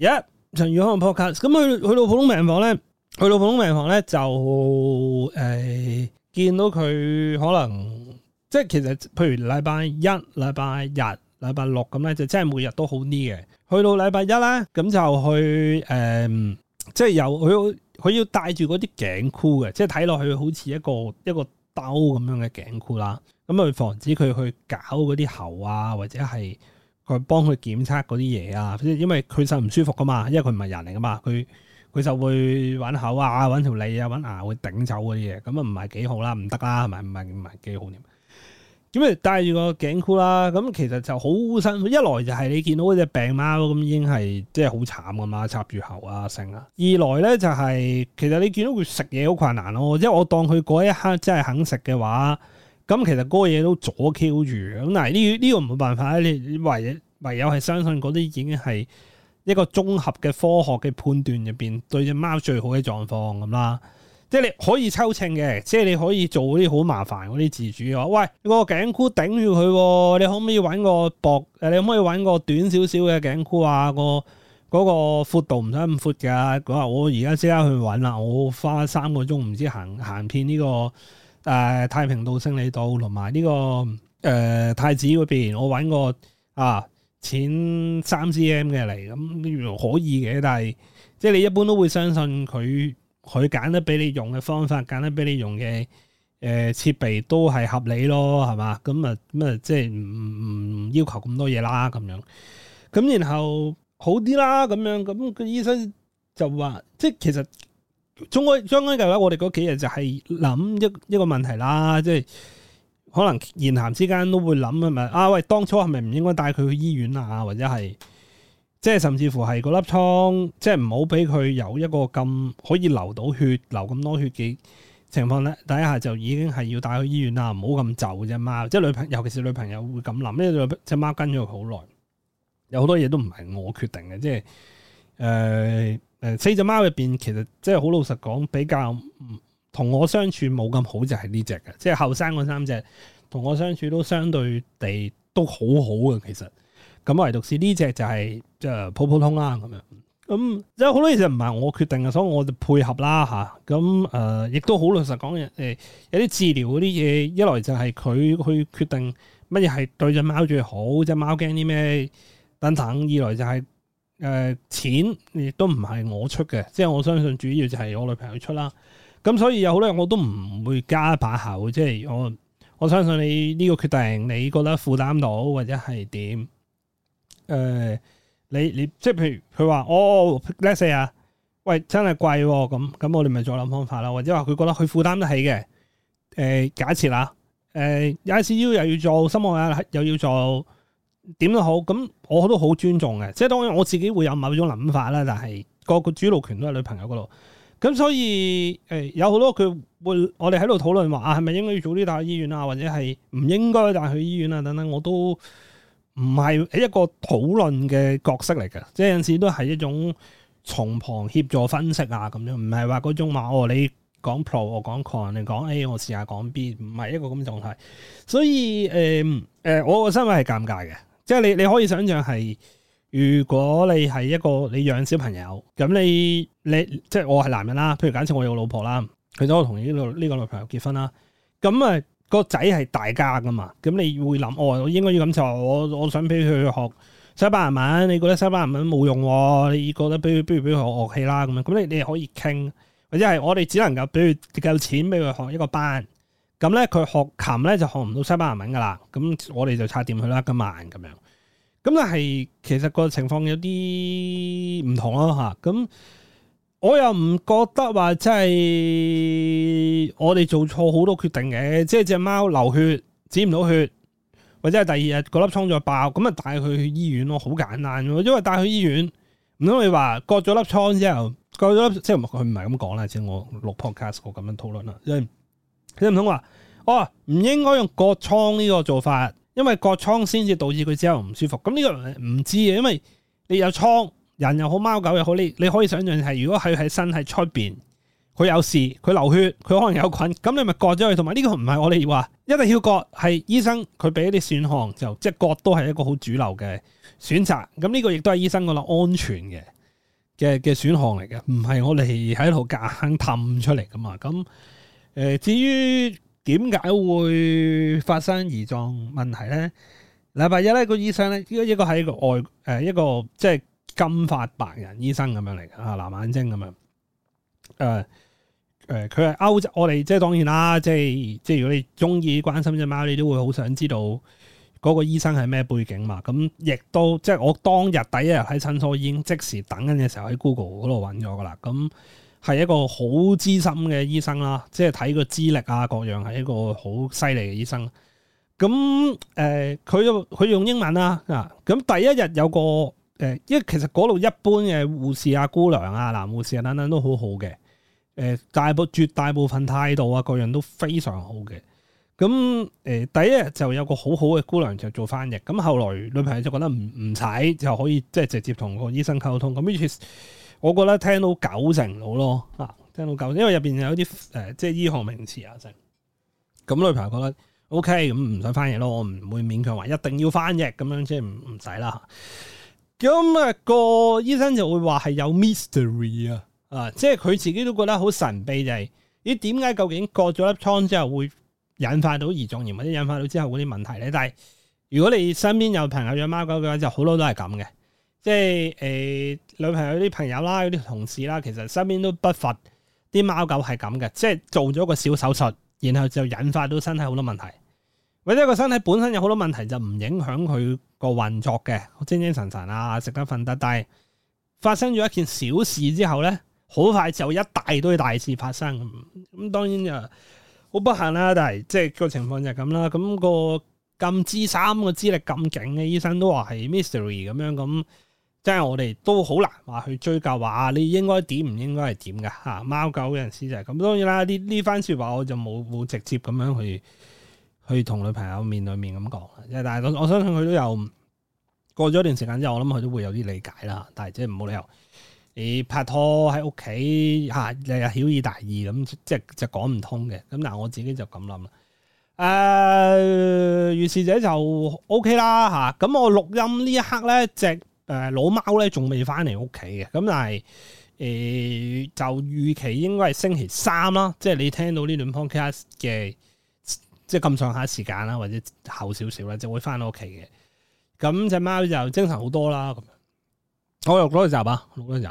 一陳宇康破卡，咁、yeah, 去去到普通病房咧，去到普通病房咧就誒見到佢可能即係其實，譬如禮拜一、禮拜日、禮拜六咁咧，就即係每日都好啲嘅。去到禮拜、呃、一咧，咁、就是、就去誒、呃就是，即係有佢要佢要戴住嗰啲頸箍嘅，即係睇落去好似一個一個兜咁樣嘅頸箍啦。咁啊，防止佢去搞嗰啲喉啊，或者係。佢幫佢檢測嗰啲嘢啊，因為佢實唔舒服噶嘛，因為佢唔係人嚟噶嘛，佢佢就會揾口啊，揾條脷啊，揾牙會頂走嗰啲嘢，咁啊唔係幾好啦、啊，唔得啦，係咪唔係唔係幾好點？咁啊戴住個頸箍啦，咁其實就好辛苦。一來就係你見到嗰隻病貓咁已經係即係好慘噶嘛，插住喉啊成啊。二來咧就係、是、其實你見到佢食嘢好困難咯，即係我當佢嗰一刻真係肯食嘅話。咁其實嗰個嘢都阻 Q 住咁，嗱呢呢個冇、呢個、辦法咧，你唯有唯有係相信嗰啲已經係一個綜合嘅科學嘅判斷入邊對隻貓最好嘅狀況咁啦。即係你可以抽秤嘅，即係你可以做嗰啲好麻煩嗰啲自主嘅話，喂，嗰、嗰個頸箍頂住佢，你可唔可以揾個薄？誒，你可唔可以搵個短少少嘅頸箍啊？嗰、嗰個闊、嗰個、度唔使咁闊㗎。嗱，我而家即刻去搵啦，我花三個鐘唔知行行遍呢、呢個。呃、太平道、勝利道，同埋呢個、呃、太子嗰邊，我揾個啊淺三 CM 嘅嚟，咁、嗯、可以嘅。但係即係你一般都會相信佢佢揀得俾你用嘅方法，揀得俾你用嘅誒、呃、設備都係合理咯，係嘛？咁啊咁啊，即係唔唔要求咁多嘢啦，咁樣。咁然後好啲啦，咁樣咁個醫生就話，即係其實。總歸，總歸嚟講，我哋嗰幾日就係諗一一個問題啦，即係可能言談之間都會諗啊咪，啊喂，當初係咪唔應該帶佢去醫院啊？或者係即係甚至乎係嗰粒瘡，即係唔好俾佢有一個咁可以流到血、流咁多血嘅情況咧底下，就已經係要帶去醫院啦。唔好咁就啫，貓即係女朋友，尤其是女朋友會咁諗，因為隻貓跟咗佢好耐，有好多嘢都唔係我決定嘅，即係誒。呃誒、呃、四隻貓入邊，其實即係好老實講，比較同、嗯、我相處冇咁好就係呢隻嘅，即係後生嗰三隻同我相處都相對地都好好嘅。其實咁唯獨是呢隻就係即係普普通啦咁樣。咁有好多嘢就唔係我決定嘅，所以我哋配合啦吓，咁誒亦都好老實講嘅，誒、呃、有啲治療嗰啲嘢，一來就係佢去決定乜嘢係對隻貓最好，隻、就是、貓驚啲咩等等，二來就係、是。誒、呃、錢亦都唔係我出嘅，即係我相信主要就係我女朋友出啦。咁所以有好多人我都唔會加把口，即係我我相信你呢個決定，你覺得負擔到或者係點？誒、呃，你你即係譬如佢話哦，呢四日，喂，真係貴咁、啊、咁，我哋咪再諗方法啦、啊。或者話佢覺得佢負擔得起嘅，誒、呃，假設啦，誒、呃、ICU 又要做，心外啊又要做。點都好，咁我都好尊重嘅，即係當然我自己會有某一種諗法啦。但係個個主導權都係女朋友嗰度，咁所以誒有好多佢會我哋喺度討論話啊，係咪應該要早啲帶去醫院啊，或者係唔應該帶去醫院啊等等，我都唔係一個討論嘅角色嚟嘅，即係有陣時都係一種從旁協助分析啊咁樣，唔係話嗰種話我、哦、你講 pro 我講 con 你講 A 我試下講 B，唔係一個咁嘅狀態。所以誒誒、呃，我個身份係尷尬嘅。即係你，你可以想象係，如果你係一個你養小朋友，咁你你即係我係男人啦，譬如假設我有老婆啦，佢都我同呢個呢個女朋友結婚啦，咁啊個仔係大家噶嘛，咁你會諗，我我應該要咁就我我想俾佢學西班牙文，你覺得西班牙文冇用，你覺得俾佢，比如俾佢學樂器啦，咁樣，咁你你哋可以傾，或者係我哋只能夠，俾佢，夠錢俾佢學一個班。咁咧佢學琴咧就學唔到西班牙文噶啦，咁我哋就差掂佢啦，今晚咁樣。咁但係其實個情況有啲唔同咯吓，咁我又唔覺得話即係我哋做錯好多決定嘅，即係隻貓流血止唔到血，或者係第二日個粒瘡再爆，咁啊帶佢去醫院咯，好簡單，因為帶去醫院唔通你話割咗粒瘡之後割咗粒，即係佢唔係咁講啦，即係我錄 podcast 我咁樣討論啦，因為。你唔通話哦？唔應該用割瘡呢個做法，因為割瘡先至導致佢之後唔舒服。咁呢個唔知嘅，因為你有瘡，人又好，貓狗又好，你你可以想象，係如果佢喺身喺出邊，佢有事，佢流血，佢可能有菌，咁你咪割咗佢。同埋呢個唔係我哋話一定要割，係醫生佢俾一啲選項，就即係割都係一個好主流嘅選擇。咁呢個亦都係醫生個安全嘅嘅嘅選項嚟嘅，唔係我哋喺度夾硬氹出嚟㗎嘛。咁。誒、呃，至於點解會發生胰臟問題咧？禮拜一咧、呢個醫生咧，呢一個係個外誒、呃、一個即係金髮白人醫生咁樣嚟嘅嚇，藍眼睛咁樣。誒、呃、誒，佢、呃、係歐洲，我哋即係當然啦，即係即係如果你中意關心隻貓，你都會好想知道嗰個醫生係咩背景嘛。咁亦都即係我當日第一日喺診所已經即時等緊嘅時候喺 Google 嗰度揾咗噶啦。咁。係一個好資深嘅醫生啦，即係睇個資歷啊、各樣係一個好犀利嘅醫生。咁誒、啊，佢用佢用英文啦啊！咁、啊、第一日有個誒、呃，因為其實嗰度一般嘅護士啊、姑娘啊、男護士啊等等都很好好嘅。誒、呃，大部絕大部分態度啊、各樣都非常好嘅。咁誒、呃，第一日就有個很好好嘅姑娘就做翻譯。咁後來女朋友就覺得唔唔使，就可以即係直接同個醫生溝通。咁我覺得聽到九成到咯、啊，聽到九成，因為入面有啲誒、呃，即係醫學名詞啊，正咁。女朋友覺得 OK，咁唔使翻譯咯，我唔會勉強話一定要翻譯，咁樣即係唔唔使啦。咁啊，個醫生就會話係有 mystery 啊，啊，即係佢自己都覺得好神秘、就是，就係你點解究竟割咗粒瘡之後會引發到胰臟炎或者引發到之後嗰啲問題咧？但係如果你身邊有朋友養貓狗嘅話，就好多都係咁嘅。即係誒、呃，女朋友啲朋友啦，嗰啲同事啦，其實身邊都不乏啲貓狗係咁嘅，即係做咗個小手術，然後就引發到身體好多問題，或者個身體本身有好多問題就唔影響佢個運作嘅，精精神神啊，食得瞓得，但係發生咗一件小事之後咧，好快就一大堆大事發生咁。咁當然就好不幸啦，但係即係個情況就咁啦。咁、個咁資深、個資歷咁勁嘅醫生都話係 mystery 咁樣咁。即係我哋都好難話去追究話你應該點唔應該係點噶吓貓狗嗰陣時就係、是、咁，當然啦呢呢番說話我就冇冇直接咁樣去去同女朋友面對面咁講，即係但係我,我相信佢都有過咗一段時間之後，我諗佢都會有啲理解啦。但係即係冇理由，你拍拖喺屋企吓日日小二大二曉以大義咁、啊啊，即係就講唔通嘅。咁、啊、嗱，我自己就咁諗、呃 OK、啦。誒、啊，於是者就 O K 啦吓。咁我錄音呢一刻咧，誒、呃、老貓咧仲未翻嚟屋企嘅，咁但係、呃、就預期應該係星期三啦，即係你聽到呢兩樖 cast 嘅，即係咁上下時間啦，或者後少少啦，就會翻到屋企嘅。咁隻貓就精神好多啦，咁我錄多一集啊，錄多一集